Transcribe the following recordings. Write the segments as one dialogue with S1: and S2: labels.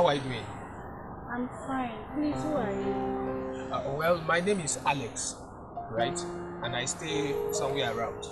S1: How are you doing?
S2: I'm fine. Please, who are you?
S1: Uh, well, my name is Alex, right? And I stay somewhere around.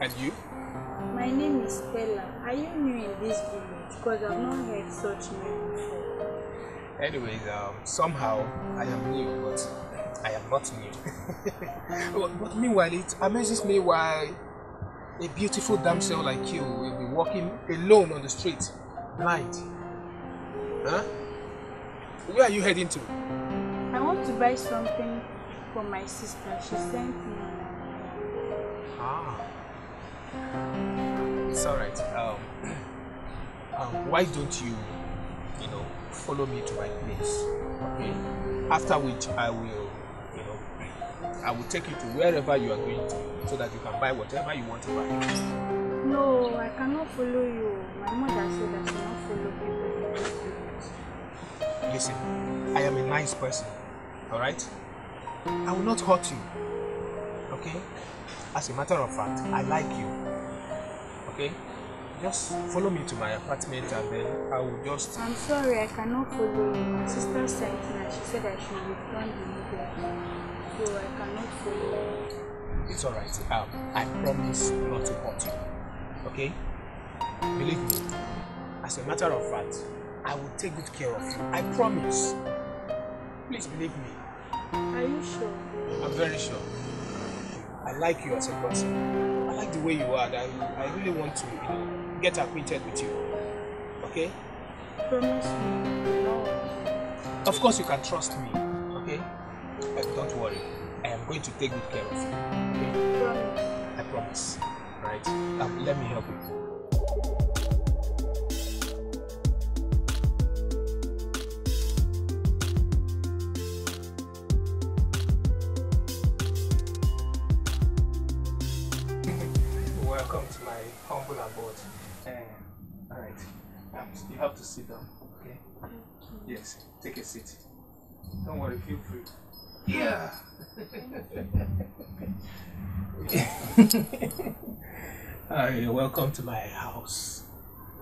S1: And you?
S2: My name is Bella. Are you new in this village? Because I've not heard such name before.
S1: Anyways, um, somehow I am new, but I am not new. but, but meanwhile, it amazes me why a beautiful damsel like you will be walking alone on the street, blind. Huh? Where are you heading to?
S2: I want to buy something for my sister. She sent me.
S1: Ah. It's alright. Um, um, why don't you, you know, follow me to my place? Okay. After which I will, you know, I will take you to wherever you are going to so that you can buy whatever you want to buy.
S2: No, I cannot follow you. My mother
S1: Listen, I am a nice person, alright? I will not hurt you, okay? As a matter of fact, I like you, okay? Just follow me to my apartment and then I will just... I'm
S2: sorry, I cannot follow you. My sister sent me and she said I should return the letter. So I cannot
S1: follow you. It's alright. Um, I promise not to hurt you. Okay? Believe me, as a matter of fact, I will take good care of you. I promise. Please believe me. Are you sure? I'm very sure. I like you as a person. I like the way you are. I, I really want to you know, get acquainted with you. Okay?
S2: Promise me.
S1: No. Of course you can trust me. Okay? But don't worry. I am going to take good care of you. Okay? Promise. I promise. Right? let me help you. You have to sit down, okay? Yes, take a seat. Don't worry, feel free. Yeah! All right, welcome to my house.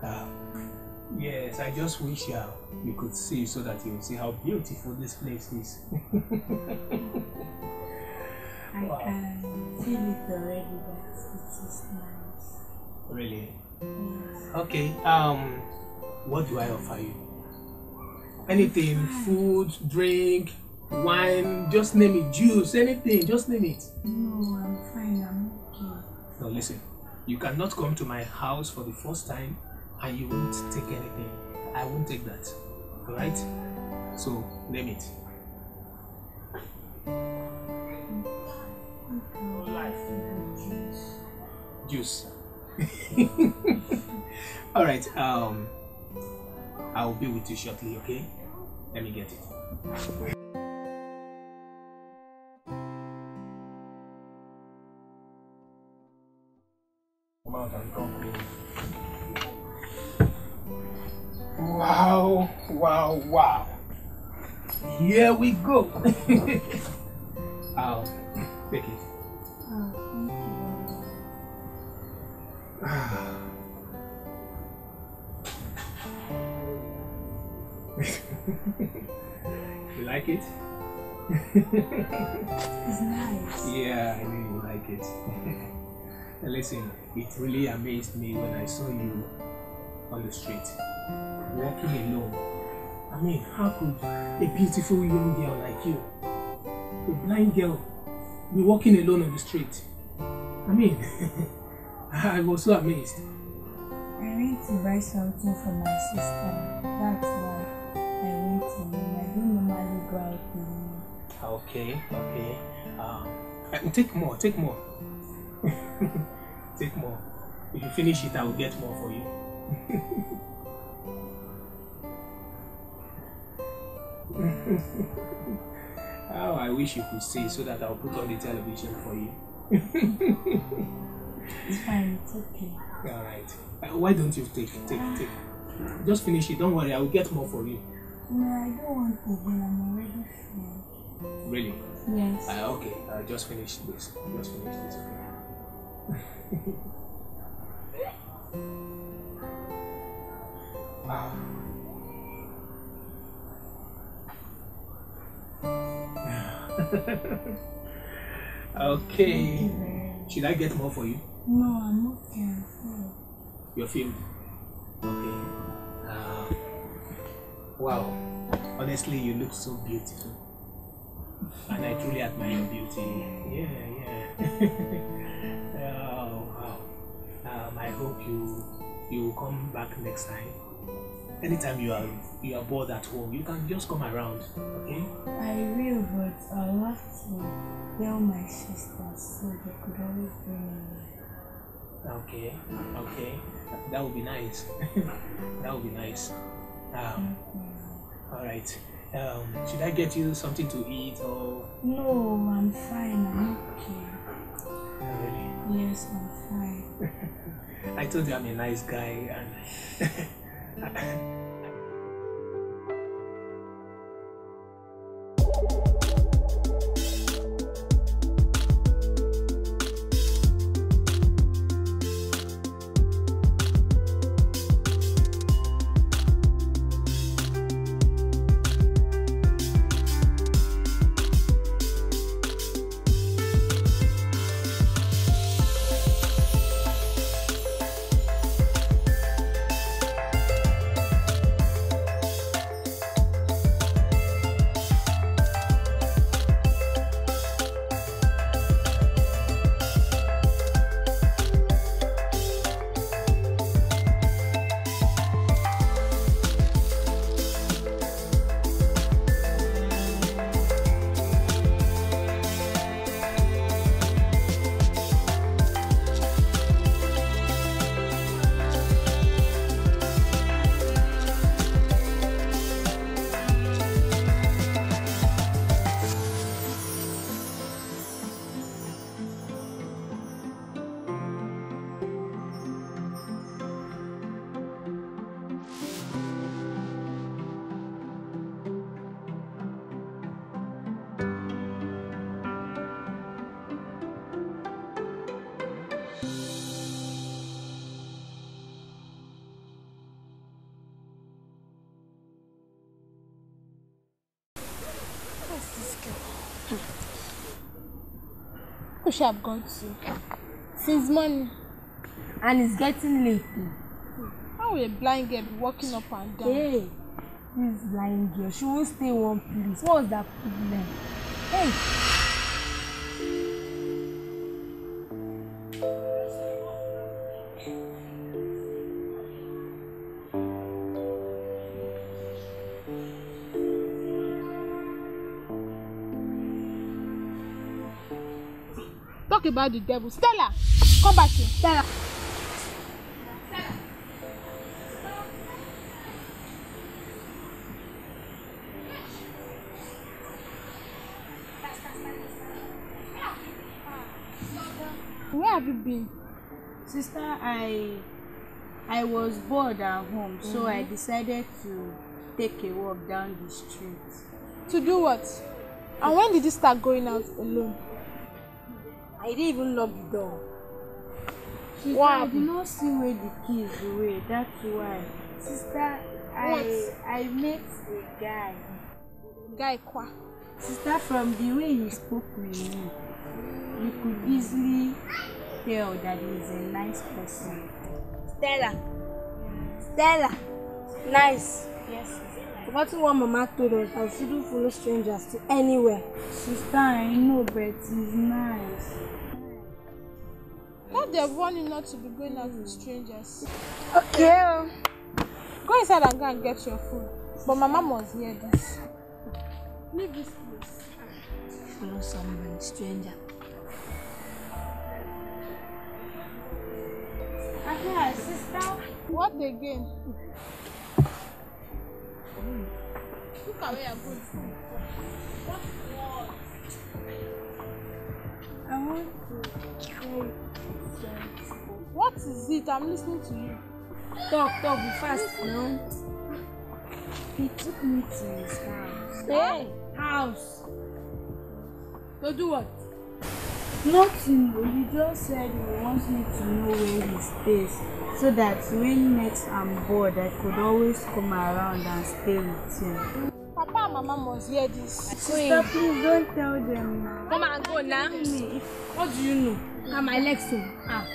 S1: Um, yes, I just wish uh, you could see so that you see how beautiful this place is.
S2: I wow. can feel it already, it is nice.
S1: Really? Okay. Um, what do I offer you? Anything, food, drink,
S2: wine,
S1: just name it, juice, anything, just name it.
S2: No, I'm fine, I'm okay.
S1: No, listen, you cannot come to my house for the first time and you won't take anything. I won't take that. Alright? So, name it. Life. Juice. All right. Um, I'll be with you shortly. Okay. Let me get it. Wow, wow, wow. Here we go. um, take it. you like it?
S2: it's nice.
S1: Yeah, I know you like it. listen, it really amazed me when I saw you on the street, walking alone. I mean, how could a beautiful young girl like you, a blind girl, be walking alone on the street? I mean, I was so amazed.
S2: I need to buy something for my sister. That's why I went to him. I don't normally go out with him.
S1: Okay, okay. Um, uh, take more, take more. take more. If you finish it, I will get more for you. How oh, I wish you could see so that I'll put on the television for you.
S2: It's fine, it's okay.
S1: Alright. Uh, why don't you take, take, take? Just finish it, don't worry, I will get more for you.
S2: No, I don't want to go, I'm already full.
S1: Really? Yes. Uh, okay, uh, just finish this. Just finish this, okay?
S2: wow.
S1: okay. Should I get more for you?
S2: No, I'm okay. i
S1: You're filmed? Okay. Uh, wow. Honestly, you look so beautiful. And I truly admire your beauty. Yeah, yeah. oh, wow. Um, I hope you you will come back next time. Anytime you are you are bored at home, you can just come around, okay?
S2: I will, but I'll have to tell my sisters so they could always bring me.
S1: Okay, okay, that would be nice. that would be nice. Um, all right. Um, should I get you something to eat or?
S2: No, I'm fine. I'm okay.
S1: Oh,
S2: really? Yes, I'm fine.
S1: I told you I'm a nice guy and.
S2: people should have gone to since morning and it's getting late how a blind girl be walking up and down. hey this blind girl she wan stay one place was that problem. hey. talk about the devil. Stella, come back here. Stella. Where have you been? Sister, I I was bored at home, mm-hmm. so I mm-hmm. decided to take a walk down the street. To do what? And when did you start going out alone? I didn't even lock the door. She what? said, you know, see where the keys were. That's why. Sister, what? I I met a guy. Guy kwa. Sister, from the way you spoke with me, you could easily tell that he's a nice person. Stella. Stella. Nice. Yes, sister. Supporting what Mama told us, I shouldn't follow strangers to anywhere. Sister, I know, but it's nice. Now they're warning not to be going out with strangers. Okay. Go inside and go and get your food. But my Mama was hear this. Leave this place. Follow someone, stranger. Aha, sister. What again? Look at where you're going to. What do I want to play sensible. What is it? I'm listening to you. Talk, talk, be fast now. He took me to his house. Hey, house. Go do what? Nothing, you just said you want me to know where he stays so that when next I'm bored, I could always come around and stay with him. Papa and Mama must hear this. Sister, please don't tell them now. Come and go now. What do you know? Am I Lexo? Ah.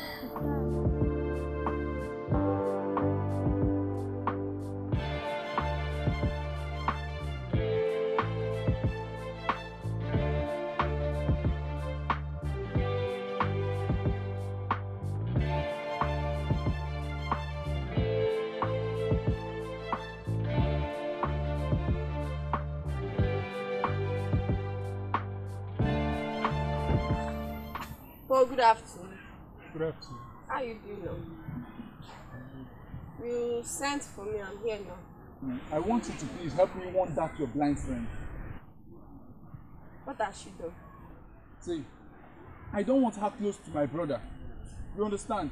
S2: Paul, good afternoon. Good afternoon. How are you doing now? You sent for me, I'm here now. I want you to please help me
S1: warn that your blind friend.
S2: What has she done?
S1: See, I don't want her close to my brother. You understand?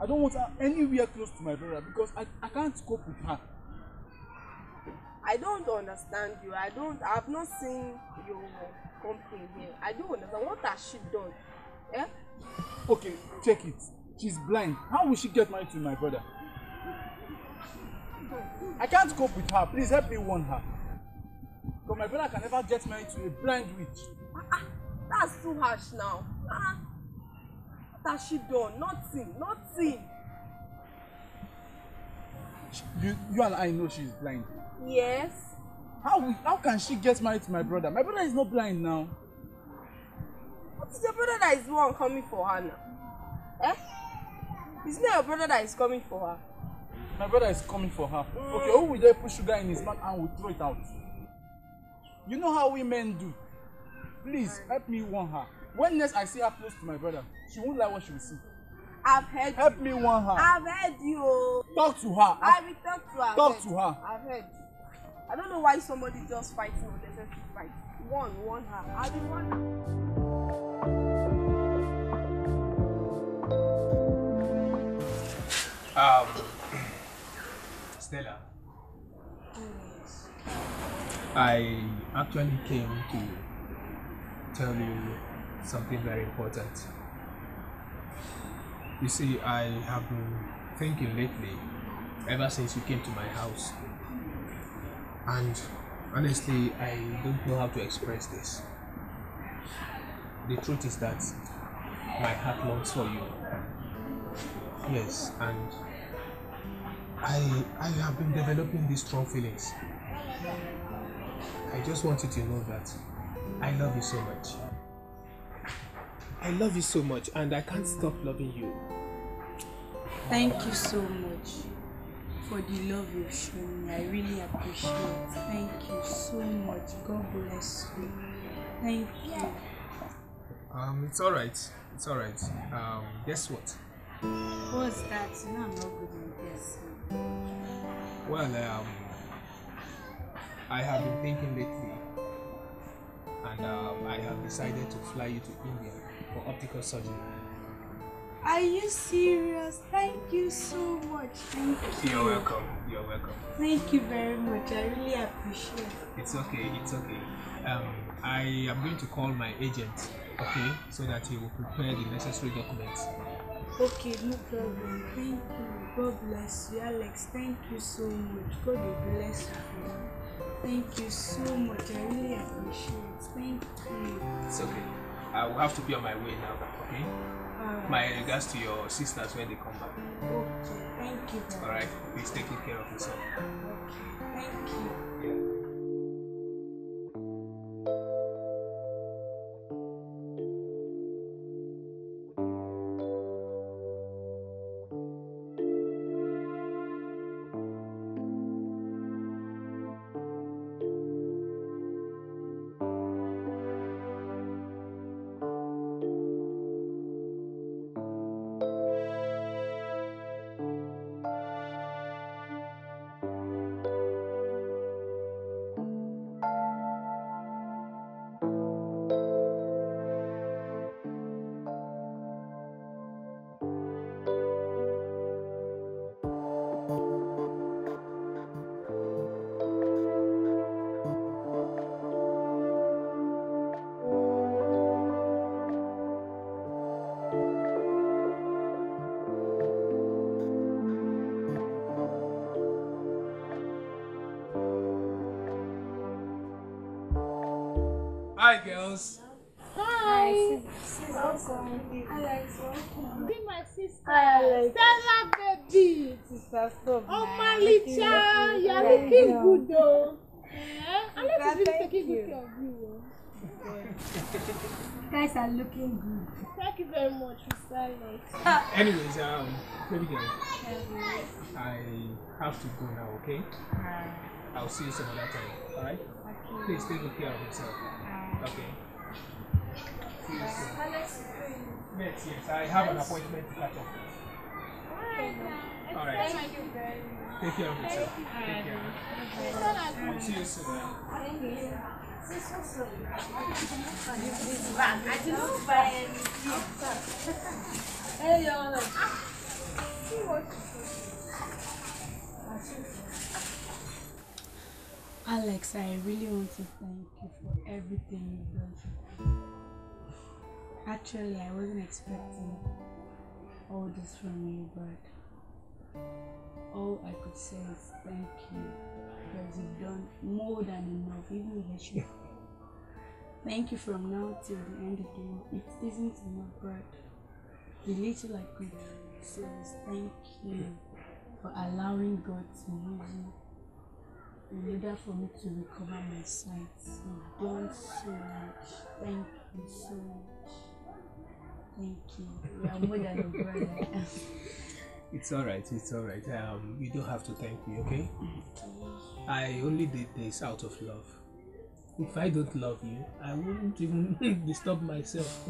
S2: I don't want her anywhere
S1: close to my brother because I, I can't cope with her.
S2: I don't understand you. I don't. I've not seen your company here. I don't understand. What has she done? Eh?
S1: Okay, check it. She's blind. How will she get married to my brother? I can't cope with her. Please help me warn her.
S2: Because my brother can never get married to a blind witch. Ah, ah, that's too harsh now. Ah, what has she done? Nothing, nothing.
S1: You, you and I know she's blind.
S2: Yes. How, how can she get married to my brother? My brother is not blind now. It's your brother that is the one coming for her now. Eh? It's not your brother that is coming for her.
S1: My brother is coming for her. Mm. Okay, who will just put sugar in his mouth and will throw it out? You know how we men do. Please right. help me warn her. When next I see her close to my brother, she won't like what she will see. I've heard Help you. me warn her. I've
S2: heard you. Talk to her. I will talk to her. Talk to her. I've heard I don't know why somebody just fighting unnecessary fight. Warn, warn her. I will warn her.
S1: Um, Stella. I actually came to tell you something very important. You see, I have been thinking lately, ever since you came to my house. And honestly, I don't know how to express this. The truth is that my heart longs for you. Yes, and I I have been developing these strong feelings. I just wanted to know that I love you so much. I love you so much and I can't stop loving you.
S2: Thank you so much for the love you've shown me. I really appreciate it. Thank you so much. God bless you. Thank you.
S1: Um, it's all right. It's all right. Um, guess what?
S2: What's that? You know I'm not good in this. Well,
S1: um, I have been thinking lately, and um, I have decided to fly you to India for optical surgery.
S2: Are you serious? Thank you so much. Thank you. You're welcome. You're welcome. Thank you very much. I really appreciate it.
S1: It's okay. It's okay. Um, I am going to call my agent okay, so that he will prepare the necessary documents.
S2: Okay, no problem. Thank you. God bless you, Alex. Thank you so much. God bless you. Thank you so much. I really appreciate it. Thank you. It's okay.
S1: I will have to be on my way now, okay? My regards to your sisters when they come back. Okay, thank you. Alright, please take care of yourself. Okay, thank you. Yeah. Hi, girls.
S2: Hi. Alex, welcome. Be my sister. Hi, Alex. Stella, baby. Sister, stop. Oh, my little child. You're looking good, though. Yeah. Alex is really taking good care of oh. you. guys are looking good. Thank you very much, Mr.
S1: Anyways, um, pretty girl. I have to go now, okay? Hi. I'll see you some other time, alright?
S2: Okay.
S1: Please take good care of yourself. Hi. Okay.
S2: Yes.
S1: Yes, I have an appointment to catch up
S2: Alright. Thank you very much. Take care of yourself. Take care. We'll see you soon. Thank you. Hey, y'all. See what you Alex, I really want to thank you for everything you've done for me. Actually, I wasn't expecting all this from you, but all I could say is thank you because you've done more than enough, even if you Thank you from now till the end of the world. It isn't enough, but the little I could say is thank you for allowing God to use you in order for me to recover my sight. You've done so much. Thank you so much. Thank you. You are more than a brother.
S1: it's all right. It's all right. Um, you don't have to thank me, okay? I only did this out of love. If I don't love you, I wouldn't even disturb myself.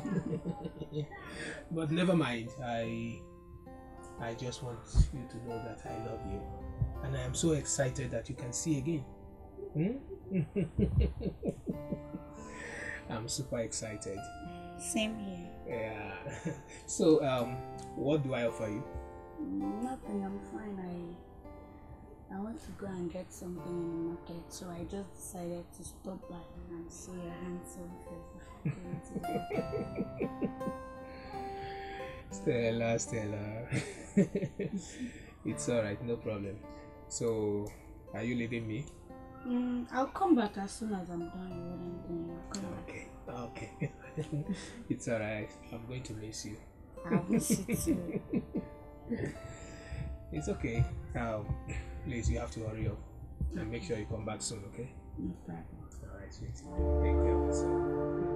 S1: but never mind. I I just want you to know that I love you. And I am so excited that you can see again. Hmm? I'm super excited.
S2: Same here.
S1: Yeah. So, um, what do I offer you?
S2: Nothing. I'm fine. I I want to go and get something in the market, so I just decided to stop by and see your handsome face.
S1: Stella, Stella. it's alright, no problem. So, are you leaving me?
S2: Mm, I'll come back as soon as I'm done with
S1: Okay, back. okay. it's alright. I'm going to miss you.
S2: I'll miss you too.
S1: it's okay. Um, please, you have to hurry up and make sure you come back soon, okay? No problem. Alright, Take care